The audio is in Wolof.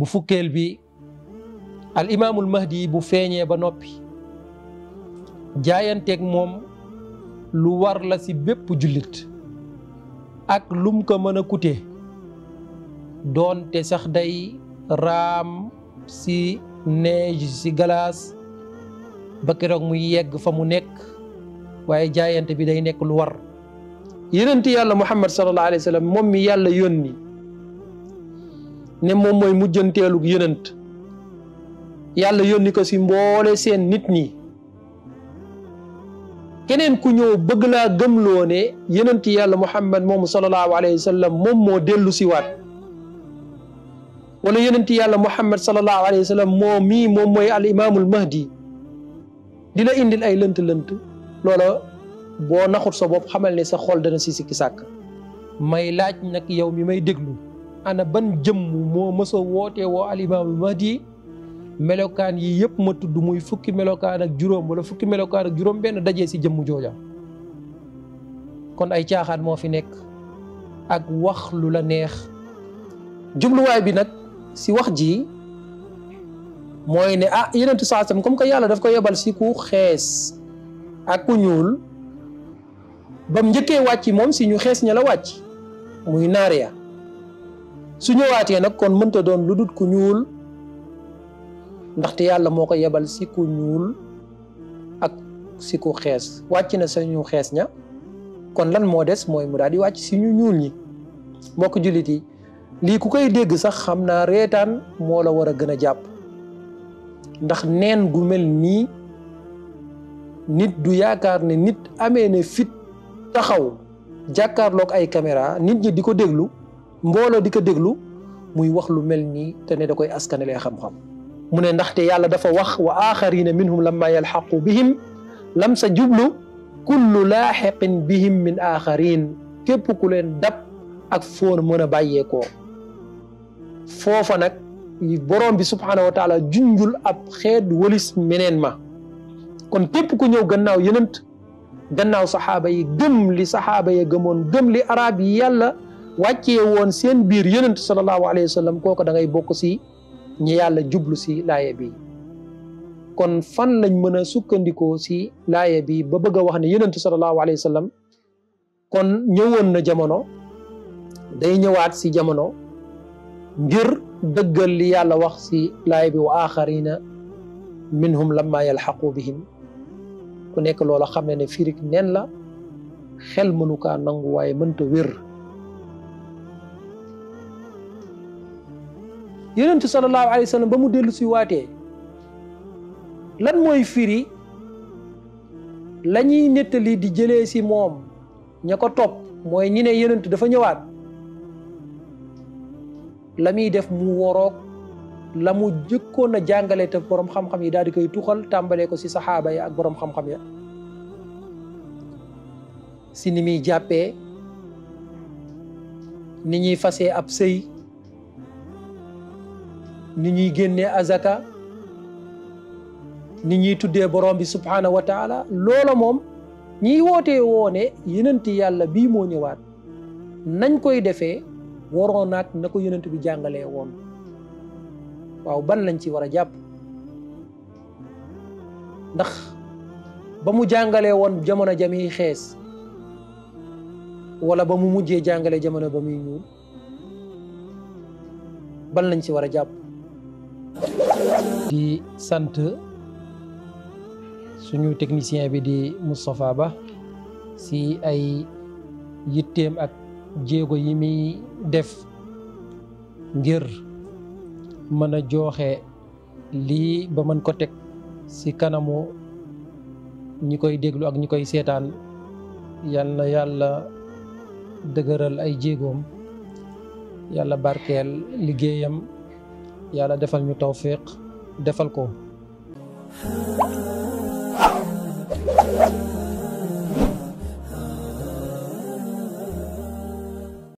bu fukkeel bi al imaamul mahdi bu feeñee ba noppi jaayanteek moom lu war la ci bépp jullit ak lum ko mëna a kute doonte sax day raam ci neige ci galaas ba keroog mu yegg fa mu nekk waaye jaayante bi day nekk lu war yenenti yàlla muhammad sallallahu alayhi wa sallam moom mi yàlla yónni ne moom mooy mujjanteelug yenent yàlla yónni ko si mboole seen nit ñi keneen ku ñëw bëgg laa gëmloo ne yenenti yàlla muhammad moomu sallallahu alayhi wa sallam moom moo dellu si waat wala yenenti yàlla muhammad sallallahu alayhi wa sallam moo mii moom mooy al imaamul mahdi di la indil ay lënt-lënt loola boo naxut sa bopp xamal ni sa xol dana si sikki sàkk may laaj nag yow mi may déglu ana ban jëmm moo mës a wootee woo ma di melokaan yi yëpp ma tudd muy fukki melokaan ak juróom fukki melokaan ak juróom benn dajee si jëmm jooja kon ay caaxaan moo fi nekk ak wax lu la neex jubluwaay bi nag si wax ji mooy ne ah yenentu saasam comme que yàlla daf ko yebal si ku xees ak ku ñuul bam njëkkee wàcc moom si ñu xees ña la wàcc muy naariya su ñëwaatee nag kon mënta doon lu dut ku ñuul ndaxte yàlla moo ko yebal si ku ñuul ak si ku xees wàcc na suñu xees ña kon lan moo des mooy mu daal di wàcc si ñu ñuul ñi mbokk jullit yi lii ku koy dégg sax xam naa reetaan moo la war a gën a jàpp ndax neen gu mel nii nit du yaakaar ne nit amee ne fit taxaw jàkkaarloog ay caméra nit ñi di ko déglu mbooloo di ko déglu muy wax lu mel nii te ne da koy askanele xam-xam mu ne ndaxte yàlla dafa wax wa axarina minhum lamma yalxaqu bihim lam sa jublu kullu laaxiqin bihim min axarin képp ku leen dab ak foon mën a bàyyeekoo foofa nag boroom bi subhaanahu wa junjul ab xeet walis meneen ma kon képp ku ñëw gannaaw yonent gannaaw saxaaba yi gëm li saxaaba yi gëmoon gëm li araab yi yàlla wàcce woon seen biir yonent sallallahu alayhi wa sallam kooku da ngay bokk si ñi yàlla jublu si laaya bi kon fan lañ mën a sukkandikoo si laaya bi ba bëgg wax ne yonent sallallahu alayhi wa sallam kon ñëwoon na jamono day ñëwaat si jamono ngir dëggal li yàlla wax si laaya bi wa axarina minhum lamma yalxaqu bihim ku nekk loola xam ne ne firig nen la xel mënuka kaa waaye mënta wér yonentu sallallahu alayhi wa ba mu dellu si waatee lan mooy firi la ñuy nettali di jëlee si moom ña ko topp mooy ñi ne yonent dafa ñëwaat la muy def mu woroog la mu jëkkoon na jàngale te borom xam-xam yi daal di koy tuxal tàmbalee ko si saxaaba yi ak borom xam-xam ya si ni muy jàppee ni ñuy fasee ab sëy ni ñuy génnee azaka ni ñuy tuddee borom bi subhaanahu wa taala loola moom ñiy wootee woone yenenti yàlla bii moo ñëwaat nañ koy defee waroon naag na ko yenent bi jàngalee woon waaw ban lañ ci war a jàpp ndax ba mu jàngalee woon jamono jamiy xees wala ba mu mujjee jàngale jamono ba muy ñuul ban lañ ci war a jàpp di sant suñu technicien bi di Moustapha Ba si ay yitteem ak jéego yi muy def ngir mën a jooxe lii ba mën ko teg ci kanamu ñi koy déglu ak ñi koy seetaan yal na yàlla dëgëral ay jéegoom yàlla barkeel liggéeyam yàlla defal ñu tawfiq defal ko